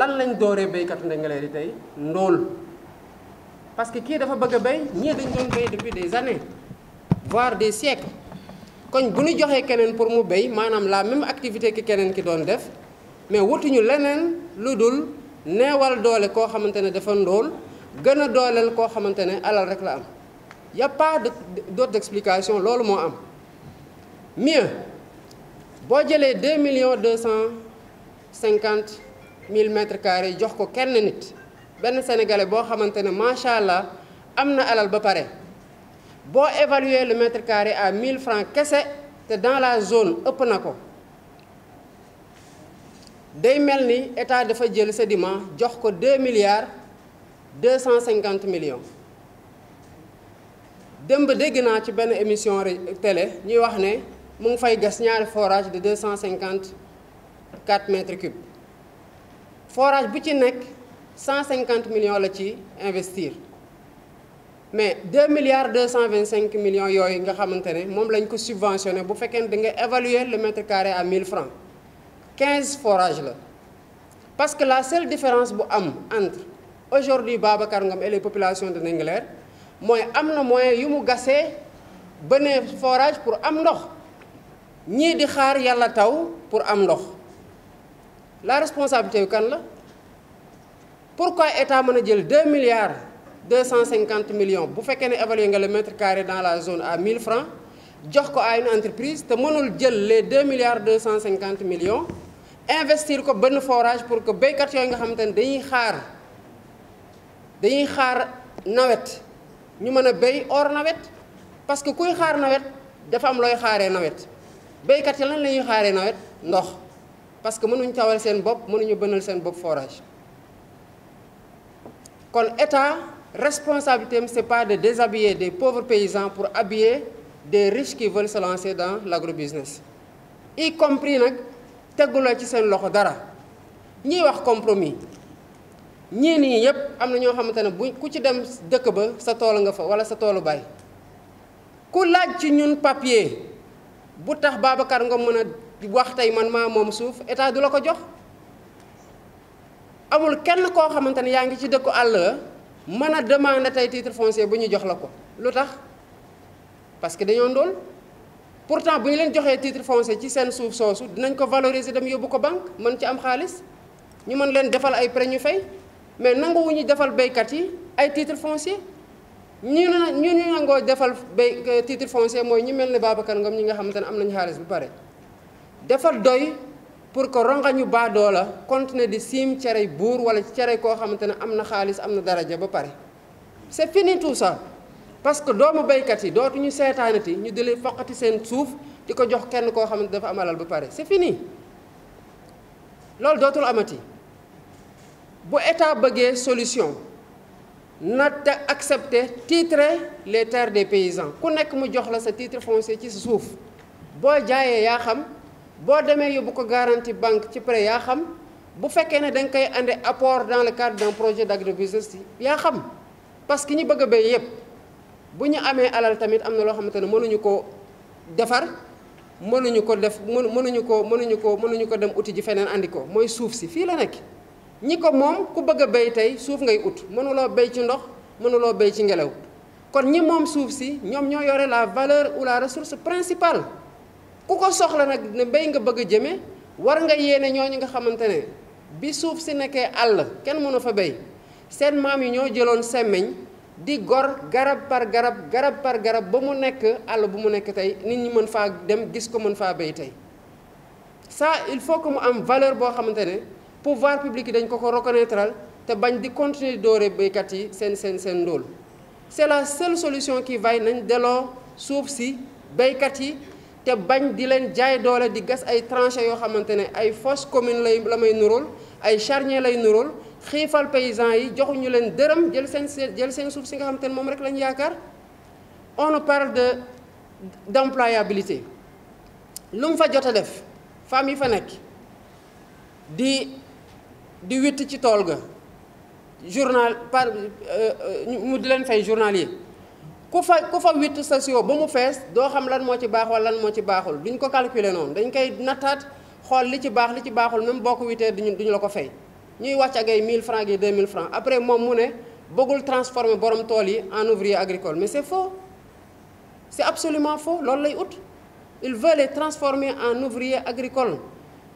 lan lañ dooree béykatu ndengaleer yi tey ndóol parce que kii dafa bëgg a béy ñii dañ doon béy depuis des années voire des siècles kon bu ñu joxee keneen pour mu béy maanaam la même activité ki keneen ki doon def mais wutuñu leneen lu dul neewal doole koo xamante ne dafa ndóol gën a dooleel koo xamante ne alal rek la am y a pas explication loolu moo am mieux boo jëlee deux millions deux cent cinquante mille mètres carrés jox ko kenn nit benn sénégalais boo xamante ne macha allah am na alal ba pare boo évaluer le mètre carré à mille francs kese te dans la zone ëpp na ko day mel ni état dafa jël sédiment jox ko deux milliards deux cent cinquante millions démb dégg naa ci benn émission télé ñuy wax ne. faut faille un forage de 254 mètres cubes. Forage butinec, 150 millions la investir. Mais 2 milliards 225 millions yoy nga xamantene mom évaluer le mètre carré à 1000 francs 15 forages là parce que la seule différence entre aujourd'hui Baba Ngam et les populations de Nengler, moy amna moyen yu mu gassé forage pour am ndokh ni di xaar yalla taw pour am la responsabilité kan la pourquoi état jël 2 milliards 250 millions bu le mètre carré dans la zone à 1000 francs jox ko une entreprise te mënul jël les 2 milliards 250 millions investir dans le forage pour que ont fait nga xamantene dañuy xaar dañuy xaar nawet ñu parce que kuy xaar dafa am béykat yi lan la ñuy xaaree nawet ndox parce que mënuñ tawal seen bopp mënuñu bënal seen bopp forage kon état responsabilité c'est pas de déshabiller des pauvres paysans pour habiller des riches qui veulent se lancer dans l'agro-business..! y compris nag tegguloo ci seen loxo dara ñiy wax compromis Ni ni yépp amna na ñoo xamante bu ku ci dem dëkk ba sa tool nga fa wala sa toolu bay ku laaj ci ñun papier bu tax Babacar nga mën a wax tey man maa moom suuf état du la ko jox amul kenn koo xamante ne yaa ngi ci dëkku àll mën a demander tey titre foncier bu ñu jox la ko lu tax parce que dañoo ndóol pourtant bu ñu leen joxee titre foncier ci seen suuf soosu dinañ ko valoriser dem yóbbu ko banque mën ci am xaalis ñu mën leen defal ay prêt ñu fay mais nanguwu ñu defal béykat yi ay titre foncé ñu ne ñu ñu nangoo defal bay titre foncier mooy ñu mel ni Babacar Ngom ñi nga xamante ne am nañu xaalis bu bare dafa doy pour que rongañu baadoo la continuer di siim cere buur wala cere koo xamante ne am na xaalis am na daraja ba pare c'est fini tout ça parce que doomu béykat yi dootuñu seetaanati ñu di leen foqati seen suuf di ko jox kenn koo xamante dafa amalal alal ba pare c'est fini loolu dootul amati bu état bëggee solution na te accepter titrer les terres des paysans ku nekk mu jox la sa titre foncier ci suuf boo jaayee yaa xam boo demee yóbbu ko garantie banque ci prêt yaa xam bu fekkee ne da koy andi apport dans le cadre d'un projet d'agrobusiness yaa xam parce que ñi bëgg a béy yépp bu ñu amee alal tamit am na loo xamante ne mënuñu ko defar mënuñu ko def mënuñu ko mënuñu ko mënuñu ko dem uti ji feneen andi ko mooy suuf si fii la nekk. ñi ko moom ku bëgg a béy tey suuf ngay ut mënuloo béy ci ndox mënuloo béy ci ngelaw kon ñi moom suuf si ñoom ñoo yore laa valeur ou la ressource principale ku ko soxla nag ne béy nga bëgg a jëme war nga yéene ñooñu nga xamante ne bi suuf si nekkee àll kenn mënu fa béy seen maam yi ñoo jëloon semmiñ di gor garab par garab garab par garab ba mu nekk àll bu mu nekk tey nit ñi mën faa dem gis ko mën faa béy tey ça il faut que mu am valeur boo xamante ne pouvoir public yi dañ ko ko reconnaître te bañ di continuer doore baykat yi sen sen sen ndóol c'est la seule solution qui vaille nañ delloo souf si baykat yi te bañ di len jaay doole di gas ay tranchées yo xamantene ay fausse commune lay la may nuróol ay charnier lay nurul xéfal paysan yi joxuñu len deureum jël sen jël seen suuf si nga xamante ne rek lañ yaakaar on parle de d'employabilité lu mu fa jot a def femmes yi fa nek di di witt ci tool ga journal par euh, euh, mu di len fay journalier ku fa ku fa witt station ba mu fess do xam lan mo ci bax wala lan mo ci baxul duñ ko calculer non dañ koy natat xol li ci bax li ci baxul même bok ko duñ la ko fay ñuy wàcc ak ay 1000 francs yi 2000 francs après mom mu ne bëggul transformer borom tool yi en ouvrier agricole mais c'est faux c'est absolument faux loolu lay out il veut les transformer en ouvrier agricole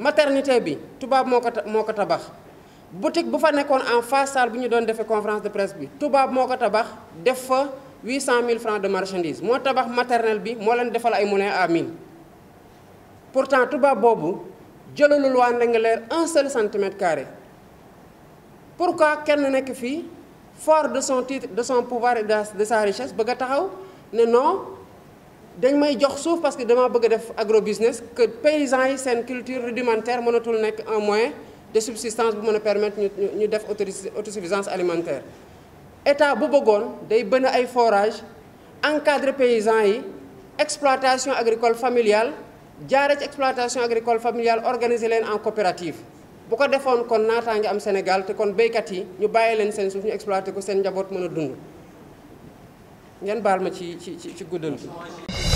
maternité bi tubaab moko moko moo boutique bu fa nekkoon en face salle bi ñu conférence de presse bi tubaab moko ko tabax def fa 000 francs de marchandise mo tabax maternelle bi mo len defal ay moulin à mil pourtant tubaab bobu jëlalul waa Ndingler un seul centimètre carré pourquoi kenn nekk fi fort de son titre de son pouvoir et de sa richesse bëgg taxaw ne non dañ may jox suuf parce que dama bëgg def agro business que paysans yi seen culture rudimentaire mënatul nekk un moyen de subsistance bu mën a permettre ñu ñu def autosuffisance alimentaire état bu bëggoon day bën ay forage encadre paysans yi exploitation agricole familiale jaare ci exploitation agricole familiale organiser leen en coopérative bu ko defoon kon naataa ngi am Sénégal te kon béykat yi ñu bàyyi leen seen suuf ñu exploité ko seen njaboot mën a dund ngeen baal ma ci ci ci guddal bi